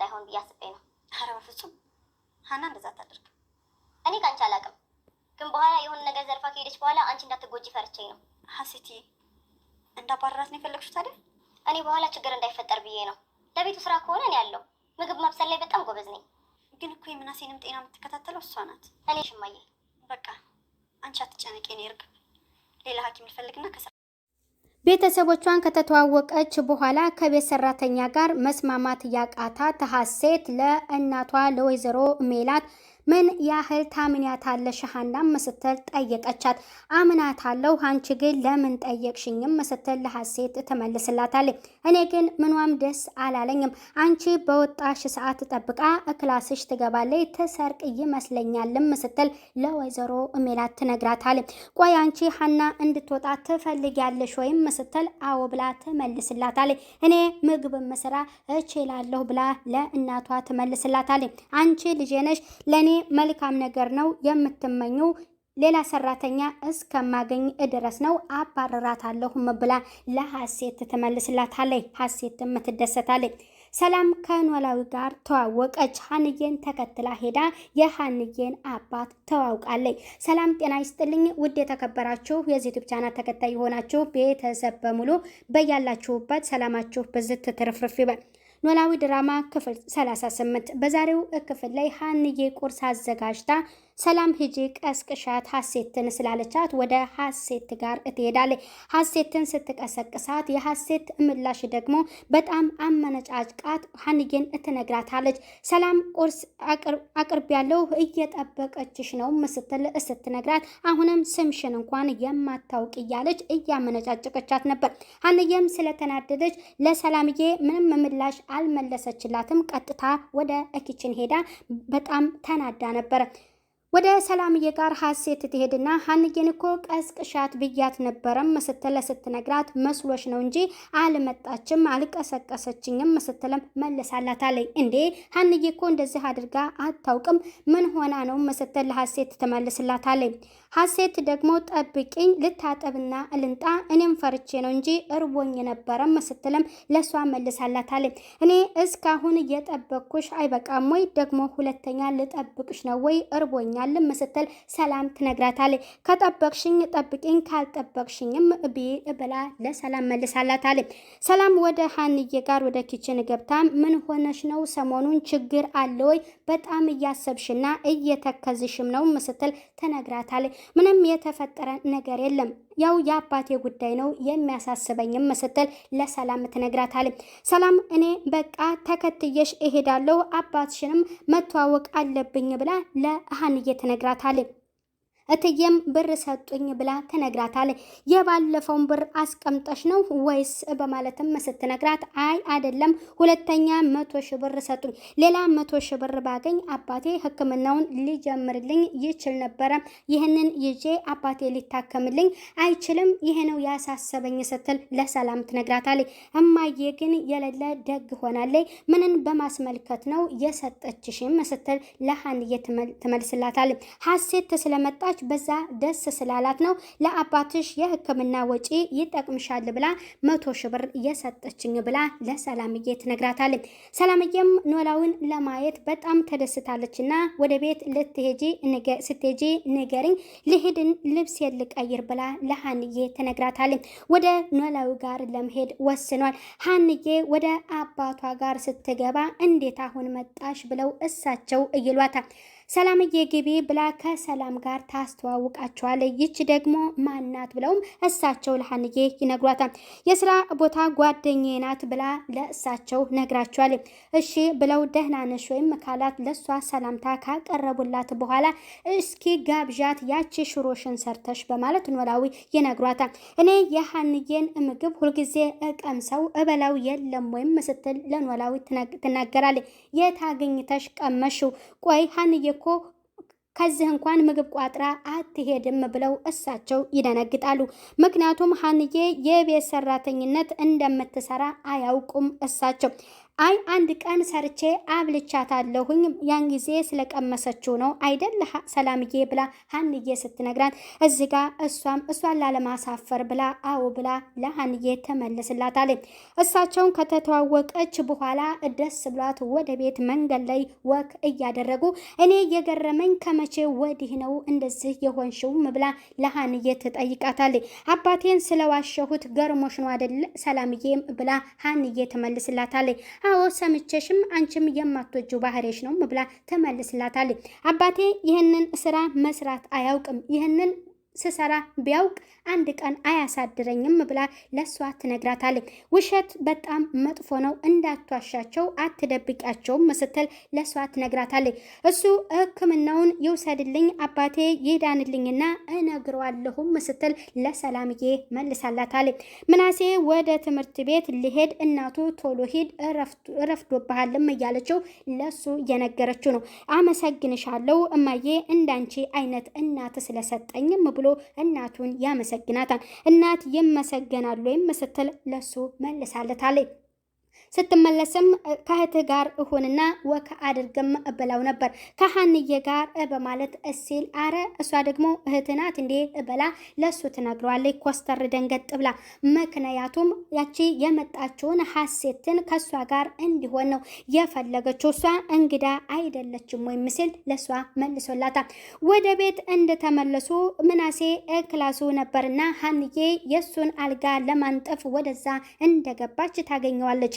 እንዳይሆን ብዬ አስቤ ነው። ኧረ በፍጹም ሀና እንደዛ አታደርግ። እኔ ከአንቺ አላቅም፣ ግን በኋላ የሆነ ነገር ዘርፋ ከሄደች በኋላ አንቺ እንዳትጎጂ ፈርቼ ነው። ሀሴቲ እንዳባረራት ነው የፈለግሽው? ታዲያ እኔ በኋላ ችግር እንዳይፈጠር ብዬ ነው። ለቤቱ ስራ ከሆነ እኔ ያለው ምግብ ማብሰል ላይ በጣም ጎበዝ ነኝ። ግን እኮ የምናሴንም ጤና የምትከታተለው እሷ ናት። እኔ ሽማዬ፣ በቃ አንቺ አትጨነቂ። እኔ ሌላ ሐኪም ልፈልግና ከስራ ቤተሰቦቿን ከተተዋወቀች በኋላ ከቤት ሰራተኛ ጋር መስማማት ያቃታት ሀሴት ለእናቷ ለወይዘሮ ሜላት ምን ያህል ታምኛታለሽ ሀናም ስትል ጠየቀቻት። አምናታለሁ፣ አንቺ ግን ለምን ጠየቅሽኝም ስትል ለሀሴት ትመልስላታለች። እኔ ግን ምኗም ደስ አላለኝም። አንቺ በወጣሽ ሰዓት ጠብቃ እክላስሽ ትገባለች ትሰርቅ ይመስለኛልም ስትል ለወይዘሮ ሜላት ትነግራታለች። ቆይ አንቺ ሀና እንድትወጣ ትፈልጊያለሽ ወይም ስትል አዎ ብላ ትመልስላታለች። እኔ ምግብ መስራ እችላለሁ ብላ ለእናቷ ትመልስላታለች። አንቺ ልጄ ነሽ ለእኔ መልካም ነገር ነው የምትመኙ ሌላ ሰራተኛ እስከማገኝ እድረስ ነው አባረራታለሁም ብላ ለሀሴት ትመልስላታለች። ሀሴት ትደሰታለች። ሰላም ከኖላዊ ጋር ተዋወቀች። ሀንዬን ተከትላ ሄዳ የሀንዬን አባት ተዋውቃለች። ሰላም ጤና ይስጥልኝ ውድ የተከበራችሁ የዩቲዩብ ቻናል ተከታይ የሆናችሁ ቤተሰብ በሙሉ በያላችሁበት ሰላማችሁ ብዝት ትርፍርፍ ይበል። ኖላዊ ድራማ ክፍል 38 በዛሬው ክፍል ላይ ሀንዬ ቁርስ አዘጋጅታ ሰላም ሂጂ ቀስቅሻት ሀሴትን ስላለቻት ወደ ሀሴት ጋር ትሄዳለች። ሀሴትን ስትቀሰቅሳት የሀሴት ምላሽ ደግሞ በጣም አመነጫጭቃት ሀንዬን እትነግራታለች። ሰላም ቁርስ አቅርብ ያለው እየጠበቀችሽ ነው ምስትል ስትነግራት አሁንም ስምሽን እንኳን የማታውቅ እያለች እያመነጫጭቀቻት ነበር። ሀንዬም ስለተናደደች ለሰላምዬ ምንም ምላሽ አልመለሰችላትም። ቀጥታ ወደ ኪችን ሄዳ በጣም ተናዳ ነበር። ወደ ሰላምዬ ጋር ሀሴት ትሄድና ሀንዬን እኮ ቀስቅሻት ብያት ነበረም ስትል ስትነግራት መስሎሽ ነው እንጂ አልመጣችም አልቀሰቀሰችኝም ስትልም መልሳላታለች። እንዴ ሀንዬ እኮ እንደዚህ አድርጋ አታውቅም ምን ሆና ነው ስትል ለሀሴት ትመልስላታለች። ሀሴት ደግሞ ጠብቂኝ ልታጠብና ልንጣ እኔም ፈርቼ ነው እንጂ እርቦኝ ነበረም ስትልም ለሷ መልሳላታለች። እኔ እስካሁን እየጠበቅኩሽ አይበቃም ወይ ደግሞ ሁለተኛ ልጠብቅሽ ነው ወይ እርቦኛ ይገኛልም መሰተል ሰላም ትነግራታለች። ከጠበቅሽኝ ጠብቂኝ፣ ካልጠበቅሽኝም እቢ ብላ ለሰላም መልሳላታለች። ሰላም ወደ ሀንዬ ጋር ወደ ኪችን ገብታ ምን ሆነሽ ነው? ሰሞኑን ችግር አለ ወይ? በጣም እያሰብሽና እየተከዝሽም ነው ስትል ትነግራታለች። ምንም የተፈጠረ ነገር የለም ያው የአባቴ ጉዳይ ነው የሚያሳስበኝም ስትል ለሰላም ትነግራታል። ሰላም እኔ በቃ ተከትየሽ እሄዳለሁ አባትሽንም መተዋወቅ አለብኝ ብላ ለሃንዬ ትነግራታል። እትዬም ብር ሰጡኝ ብላ ትነግራታል። የባለፈውን ብር አስቀምጠሽ ነው ወይስ በማለትም ስትነግራት አይ አይደለም፣ ሁለተኛ መቶ ሺህ ብር ሰጡኝ። ሌላ መቶ ሺህ ብር ባገኝ አባቴ ሕክምናውን ሊጀምርልኝ ይችል ነበረ። ይህንን ይዤ አባቴ ሊታከምልኝ አይችልም። ይሄ ነው ያሳሰበኝ ስትል ለሰላም ትነግራታለች። እማዬ ግን የሌለ ደግ ሆናለች። ምንን በማስመልከት ነው የሰጠችሽም ስትል ለሀንዬ ትመልስላታለች። ሀሴት ስለመጣች ስላየች በዛ ደስ ስላላት ነው ለአባትሽ የሕክምና ወጪ ይጠቅምሻል ብላ መቶ ሺህ ብር የሰጠችኝ ብላ ለሰላምዬ ትነግራታለች። ሰላምዬም ኖላዊን ለማየት በጣም ተደስታለች እና ወደ ቤት ልትሄጂ ስትሄጂ ንገሪኝ ልሂድን ልብስ የልቀይር ብላ ለሀንዬ ትነግራታለች። ወደ ኖላዊ ጋር ለመሄድ ወስኗል። ሀንዬ ወደ አባቷ ጋር ስትገባ እንዴት አሁን መጣሽ ብለው እሳቸው ይሏታል። ሰላምዬ ግቢ ብላ ከሰላም ጋር ታስተዋውቃቸዋለች። ይች ደግሞ ማናት ብለውም እሳቸው ለሀንዬ ይነግሯታል። የስራ ቦታ ጓደኛዬ ናት ብላ ለእሳቸው ነግራቸዋል። እሺ ብለው ደህና ነሽ ወይም ካላት ለእሷ ሰላምታ ካቀረቡላት በኋላ እስኪ ጋብዣት ያቺ ሽሮሽን ሰርተሽ በማለት ኖላዊ ይነግሯታል። እኔ የሀንዬን ምግብ ሁልጊዜ እቀምሰው እበላው የለም ወይም ስትል ለኖላዊ ትናገራለች። የት አግኝተሽ ቀመሽው? ቆይ ሀንዬ እኮ ከዚህ እንኳን ምግብ ቋጥራ አትሄድም ብለው እሳቸው ይደነግጣሉ። ምክንያቱም ሀንዬ የቤት ሰራተኝነት እንደምትሰራ አያውቁም እሳቸው አይ አንድ ቀን ሰርቼ አብልቻታለሁኝ ያን ጊዜ ስለቀመሰችው ነው አይደል ሰላምዬ ብላ ሀንዬ ስትነግራት እዚ ጋ እሷም እሷን ላለማሳፈር ብላ አዎ ብላ ለሀንዬ ተመልስላታለች። እሳቸውን ከተተዋወቀች በኋላ ደስ ብሏት ወደ ቤት መንገድ ላይ ወክ እያደረጉ እኔ የገረመኝ ከመቼ ወዲህ ነው እንደዚህ የሆንሽውም ብላ ለሀንዬ ትጠይቃታለች። አባቴን ስለዋሸሁት ገርሞሽ ነው አደለ ሰላምዬም ብላ ሀንዬ ትመልስላታለች። አዎ ሰምቼሽም አንቺም የማትወጂው ባህሪሽ ነው ብላ ተመልስላታል። አባቴ ይህንን ስራ መስራት አያውቅም። ይህንን ስሰራ ቢያውቅ አንድ ቀን አያሳድረኝም ብላ ለእሷ ትነግራታለች። ውሸት በጣም መጥፎ ነው፣ እንዳትዋሻቸው፣ አትደብቂያቸውም ስትል ለእሷ ትነግራታለች። እሱ ሕክምናውን ይውሰድልኝ አባቴ ይዳንልኝና እነግረዋለሁም ስትል ለሰላምዬ መልሳላታለች። ምናሴ ወደ ትምህርት ቤት ሊሄድ እናቱ ቶሎ ሂድ እረፍዶብሃልም እያለችው ለሱ እየነገረችው ነው። አመሰግንሻለሁ እማዬ እንዳንቺ አይነት እናት ስለሰጠኝም ብሎ እናቱን ያመሰግ ያመሰግናታል። እናት ይመሰገናሉ ወይም ስትል ለሱ መልሳለታለች። ስትመለስም ከእህትህ ጋር እሁንና ወከ አድርግም ብለው ነበር ከሀንዬ ጋር በማለት እሲል አረ እሷ ደግሞ እህትህ ናት እንዴ በላ ለእሱ ትነግረዋለች። ኮስተር ደንገጥ ብላ ምክንያቱም ያቺ የመጣችውን ሀሴትን ከእሷ ጋር እንዲሆን ነው የፈለገችው። እሷ እንግዳ አይደለችም ወይም ምስል ለእሷ መልሶላታል። ወደ ቤት እንደተመለሱ ምናሴ ክላሱ ነበርና ሀንዬ የእሱን አልጋ ለማንጠፍ ወደዛ እንደገባች ታገኘዋለች።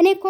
እኔ እኮ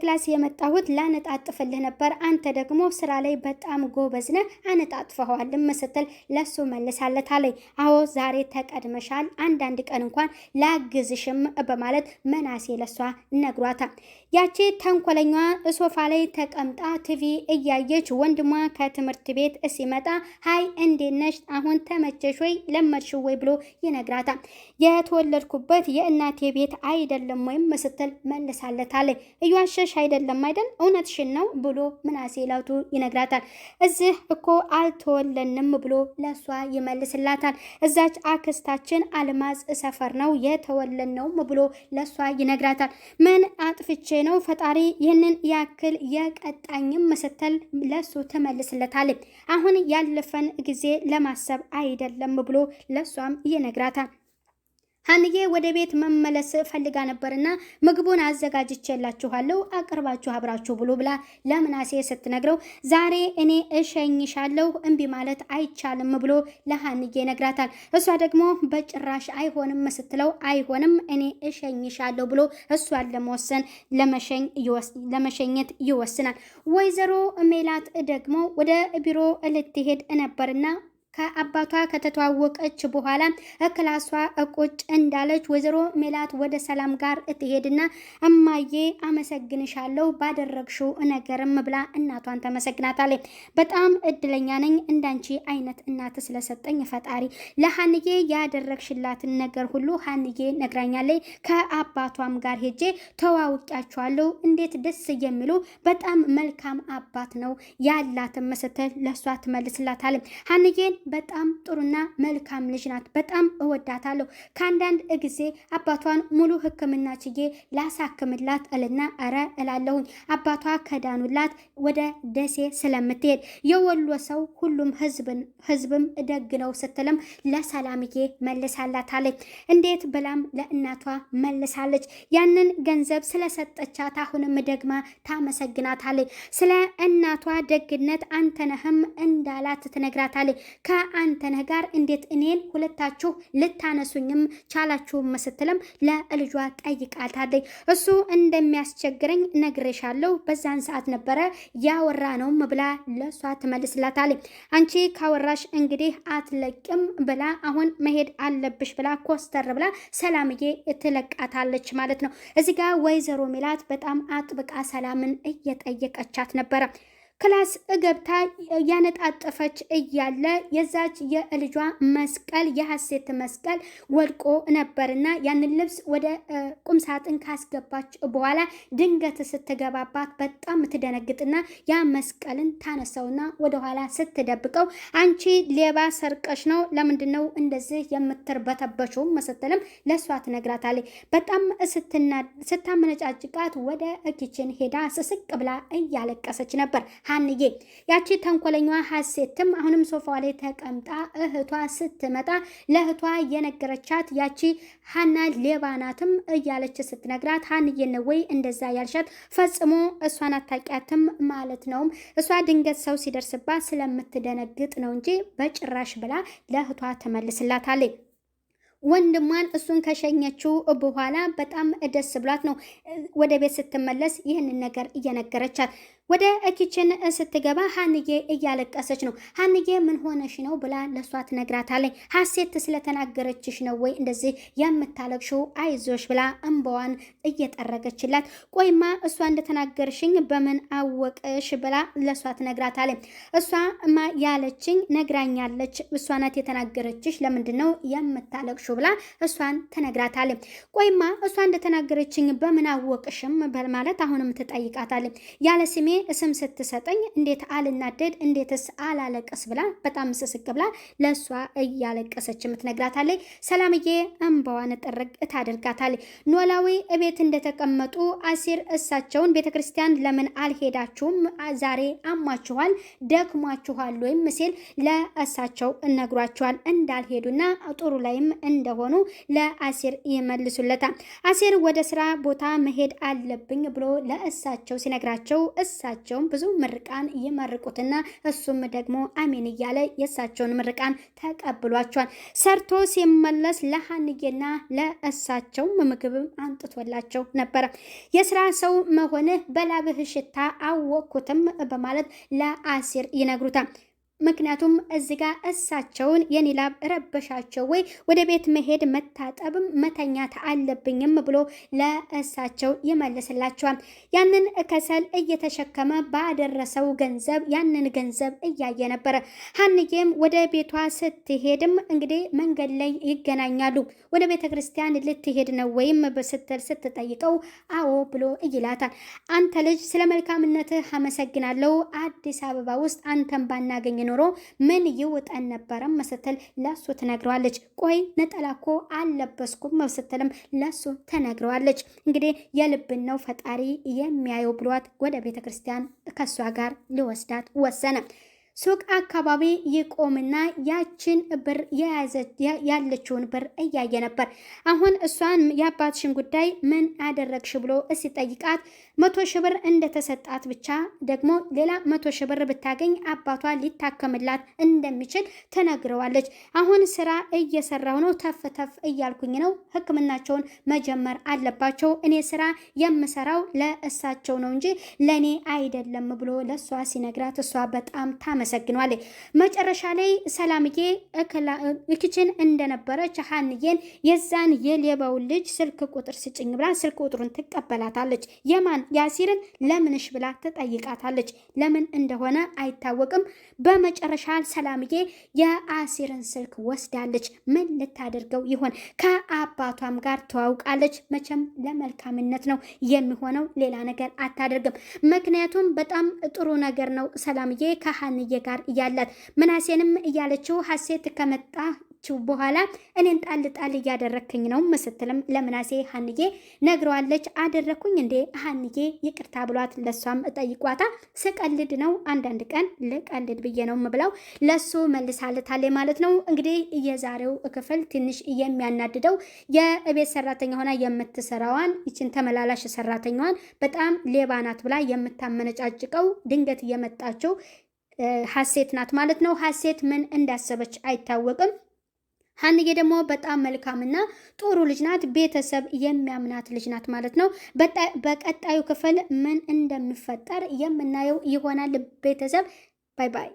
ክላስ የመጣሁት ላነጣጥፍልህ ነበር፣ አንተ ደግሞ ስራ ላይ በጣም ጎበዝ ነህ አነጣጥፈኸዋልም ስትል ለሱ መልሳለት አለኝ። አዎ ዛሬ ተቀድመሻል፣ አንዳንድ ቀን እንኳን ላግዝሽም በማለት መናሴ ለሷ ነግሯታል። ያቺ ተንኮለኛ ሶፋ ላይ ተቀምጣ ቲቪ እያየች ወንድሟ ከትምህርት ቤት ሲመጣ ሀይ እንዴት ነሽ? አሁን ተመቸሽ ወይ ለመድሽ ወይ ብሎ ይነግራታል። የተወለድኩበት የእናቴ ቤት አይደለም ወይም ስትል መልሳለት ይላታል። እየዋሸሽ አይደለም አይደል? እውነትሽን ነው ብሎ ምናሴ ለውቱ ይነግራታል። እዚህ እኮ አልተወለንም ብሎ ለሷ ይመልስላታል። እዛች አክስታችን አልማዝ ሰፈር ነው የተወለነውም ብሎ ለሷ ይነግራታል። ምን አጥፍቼ ነው ፈጣሪ ይህንን ያክል የቀጣኝም ስትል ለሱ ትመልስለታል። አሁን ያለፈን ጊዜ ለማሰብ አይደለም ብሎ ለእሷም ይነግራታል። ሀንዬ ወደ ቤት መመለስ ፈልጋ ነበርና ምግቡን አዘጋጅቼላችኋለሁ አቅርባችሁ አብራችሁ ብሎ ብላ ለምናሴ ስትነግረው ዛሬ እኔ እሸኝሻለሁ እምቢ ማለት አይቻልም ብሎ ለሀንዬ ነግራታል። እሷ ደግሞ በጭራሽ አይሆንም ስትለው አይሆንም እኔ እሸኝሻለሁ ብሎ እሷን ለመወሰን ለመሸኘት ይወስናል። ወይዘሮ ሜላት ደግሞ ወደ ቢሮ ልትሄድ ነበርና ከአባቷ ከተተዋወቀች በኋላ ክላሷ እቁጭ እንዳለች ወይዘሮ ሜላት ወደ ሰላም ጋር እትሄድና እማዬ አመሰግንሻለሁ ባደረግሽው ነገርም ብላ እናቷን ተመሰግናታለች። በጣም እድለኛ ነኝ እንዳንቺ አይነት እናት ስለሰጠኝ ፈጣሪ። ለሀንዬ ያደረግሽላትን ነገር ሁሉ ሀንዬ ነግራኛለች። ከአባቷም ጋር ሄጄ ተዋውቂያቸዋለሁ። እንዴት ደስ የሚሉ በጣም መልካም አባት ነው ያላትን መስተል ለእሷ ትመልስላታለች ሀንዬ በጣም ጥሩና መልካም ልጅ ናት። በጣም እወዳታለሁ። ከአንዳንድ ጊዜ አባቷን ሙሉ ሕክምና ችዬ ላሳክምላት እልና አረ እላለሁኝ። አባቷ ከዳኑላት ወደ ደሴ ስለምትሄድ የወሎ ሰው ሁሉም ሕዝብም ደግ ነው ስትልም ለሰላምዬ መልሳላታለች። እንዴት ብላም ለእናቷ መልሳለች። ያንን ገንዘብ ስለሰጠቻት አሁንም ደግማ ታመሰግናታለች። ስለ እናቷ ደግነት አንተነህም እንዳላት ትነግራታለች። ከአንተነህ ጋር እንዴት እኔን ሁለታችሁ ልታነሱኝም ቻላችሁም ስትልም ለልጇ ጠይቃታለች። እሱ እንደሚያስቸግረኝ ነግሬሻለሁ፣ በዛን ሰዓት ነበረ ያወራ ነው ብላ ለሷ ትመልስላታለች። አንቺ ካወራሽ እንግዲህ አትለቅም ብላ አሁን መሄድ አለብሽ ብላ ኮስተር ብላ ሰላምዬ ትለቃታለች ማለት ነው። እዚህ ጋር ወይዘሮ ሜላት በጣም አጥብቃ ሰላምን እየጠየቀቻት ነበረ። ክላስ ገብታ ያነጣጠፈች እያለ የዛች የልጇ መስቀል የሐሴት መስቀል ወድቆ ነበርና ያንን ልብስ ወደ ቁምሳጥን ካስገባች በኋላ ድንገት ስትገባባት በጣም ትደነግጥና ያ መስቀልን ታነሰውና ወደኋላ ስትደብቀው አንቺ ሌባ ሰርቀሽ ነው ለምንድነው ነው እንደዚህ የምትርበተበችውም? መሰተልም ለእሷ ትነግራታለች። በጣም ስታመነጫጭቃት ወደ ኪችን ሄዳ ስስቅ ብላ እያለቀሰች ነበር። ሀንዬ ያቺ ተንኮለኛዋ ሀሴትም አሁንም ሶፋዋ ላይ ተቀምጣ እህቷ ስትመጣ ለእህቷ የነገረቻት ያቺ ሀና ሌባናትም እያለች ስትነግራት ሀንዬን ወይ እንደዛ ያልሻት ፈጽሞ እሷን አታውቂያትም ማለት ነውም። እሷ ድንገት ሰው ሲደርስባት ስለምትደነግጥ ነው እንጂ በጭራሽ ብላ ለእህቷ ትመልስላታለች። ወንድሟን እሱን ከሸኘችው በኋላ በጣም ደስ ብሏት ነው ወደ ቤት ስትመለስ ይህንን ነገር እየነገረቻት ወደ ኪችን ስትገባ ሀንዬ እያለቀሰች ነው። ሀንዬ ምን ሆነሽ ነው ብላ ለሷ ትነግራታለች። ሀሴት ስለተናገረችሽ ነው ወይ እንደዚህ የምታለቅሽው? አይዞሽ ብላ እንባዋን እየጠረገችላት፣ ቆይማ እሷ እንደተናገርሽኝ በምን አወቅሽ ብላ ለሷ ትነግራታለች። እሷማ ያለችኝ ነግራኛለች፣ እሷ ናት የተናገረችሽ። ለምንድን ነው የምታለቅሽው ብላ እሷን ትነግራታለች። ቆይማ እሷ እንደተናገረችኝ በምን አወቅሽም በማለት አሁንም ትጠይቃታለች። ያለ ስሜ ስም ስትሰጠኝ እንዴት አልናደድ እንዴትስ አላለቀስ ብላ በጣም ስስቅ ብላ ለእሷ እያለቀሰች የምትነግራታለች። ሰላምዬ እንባዋን ጠረግ ታደርጋታለች። ኖላዊ እቤት እንደተቀመጡ አሲር እሳቸውን ቤተ ክርስቲያን ለምን አልሄዳችሁም? ዛሬ አሟችኋል፣ ደክሟችኋል ወይም ሲል ለእሳቸው እነግሯቸዋል እንዳልሄዱና ጥሩ ላይም እንደሆኑ ለአሲር ይመልሱለታል። አሲር ወደ ስራ ቦታ መሄድ አለብኝ ብሎ ለእሳቸው ሲነግራቸው እሳ እሳቸውም ብዙ ምርቃን እየመርቁትና እሱም ደግሞ አሜን እያለ የእሳቸውን ምርቃን ተቀብሏቸዋል። ሰርቶ ሲመለስ ለሀንዬና ለእሳቸው ምግብም አንጥቶላቸው ነበረ። የስራ ሰው መሆንህ በላብህ ሽታ አወቅኩትም በማለት ለአሲር ይነግሩታል። ምክንያቱም እዚ ጋ እሳቸውን የኒላብ ረበሻቸው ወይ ወደ ቤት መሄድ መታጠብም መተኛት አለብኝም ብሎ ለእሳቸው ይመልስላቸዋል። ያንን ከሰል እየተሸከመ ባደረሰው ገንዘብ ያንን ገንዘብ እያየ ነበረ። ሀንዬም ወደ ቤቷ ስትሄድም እንግዲህ መንገድ ላይ ይገናኛሉ። ወደ ቤተ ክርስቲያን ልትሄድ ነው ወይም በስትል ስትጠይቀው አዎ ብሎ ይላታል። አንተ ልጅ ስለ መልካምነትህ አመሰግናለሁ። አዲስ አበባ ውስጥ አንተን ባናገኝ ነው ኖሮ ምን ይውጠን ነበረም ስትል ለሱ ትነግረዋለች። ቆይ ነጠላ እኮ አልለበስኩም ስትልም ለሱ ተነግረዋለች። እንግዲህ የልብን ነው ፈጣሪ የሚያየው ብሏት ወደ ቤተ ክርስቲያን ከእሷ ጋር ሊወስዳት ወሰነ። ሱቅ አካባቢ ይቆምና ያችን ብር ያለችውን ብር እያየ ነበር። አሁን እሷን የአባትሽን ጉዳይ ምን አደረግሽ ብሎ ሲጠይቃት መቶ ሺህ ብር እንደተሰጣት ብቻ ደግሞ ሌላ መቶ ሺህ ብር ብታገኝ አባቷ ሊታከምላት እንደሚችል ትነግረዋለች። አሁን ስራ እየሰራሁ ነው፣ ተፍ ተፍ እያልኩኝ ነው። ሕክምናቸውን መጀመር አለባቸው። እኔ ስራ የምሰራው ለእሳቸው ነው እንጂ ለእኔ አይደለም ብሎ ለእሷ ሲነግራት እሷ በጣም ታመ። አመሰግኗል። መጨረሻ ላይ ሰላምዬ እክችን እንደነበረች ሀንዬን የዛን የሌባውን ልጅ ስልክ ቁጥር ስጭኝ ብላ ስልክ ቁጥሩን ትቀበላታለች። የማን ያሲርን ለምንሽ ብላ ትጠይቃታለች። ለምን እንደሆነ አይታወቅም። በመጨረሻ ሰላምዬ የአሲርን ስልክ ወስዳለች። ምን ልታደርገው ይሆን? ከአባቷም ጋር ተዋውቃለች። መቼም ለመልካምነት ነው የሚሆነው፣ ሌላ ነገር አታደርግም። ምክንያቱም በጣም ጥሩ ነገር ነው ሰላምዬ ከሀንዬ ጋር እያላት ምናሴንም እያለችው ሀሴት ከመጣ በኋላ እኔን ጣል ጣል እያደረግክኝ ነው ምስትልም ለምናሴ ሀንዬ ነግረዋለች። አደረግኩኝ እንዴ ሀንዬ ይቅርታ ብሏት ለሷም እጠይቋታ ስቀልድ ነው አንዳንድ ቀን ልቀልድ ብዬ ነው ምብላው ለሱ መልሳለታለ ማለት ነው። እንግዲህ የዛሬው ክፍል ትንሽ የሚያናድደው የቤት ሰራተኛ ሆና የምትሰራዋን ይችን ተመላላሽ ሰራተኛዋን በጣም ሌባ ናት ብላ የምታመነጫጭቀው ድንገት እየመጣችው ሀሴት ናት ማለት ነው። ሀሴት ምን እንዳሰበች አይታወቅም። ሀንዬ ደግሞ በጣም መልካምና ጥሩ ልጅ ናት። ቤተሰብ የሚያምናት ልጅ ናት ማለት ነው። በቀጣዩ ክፍል ምን እንደሚፈጠር የምናየው ይሆናል። ቤተሰብ ባይ ባይ።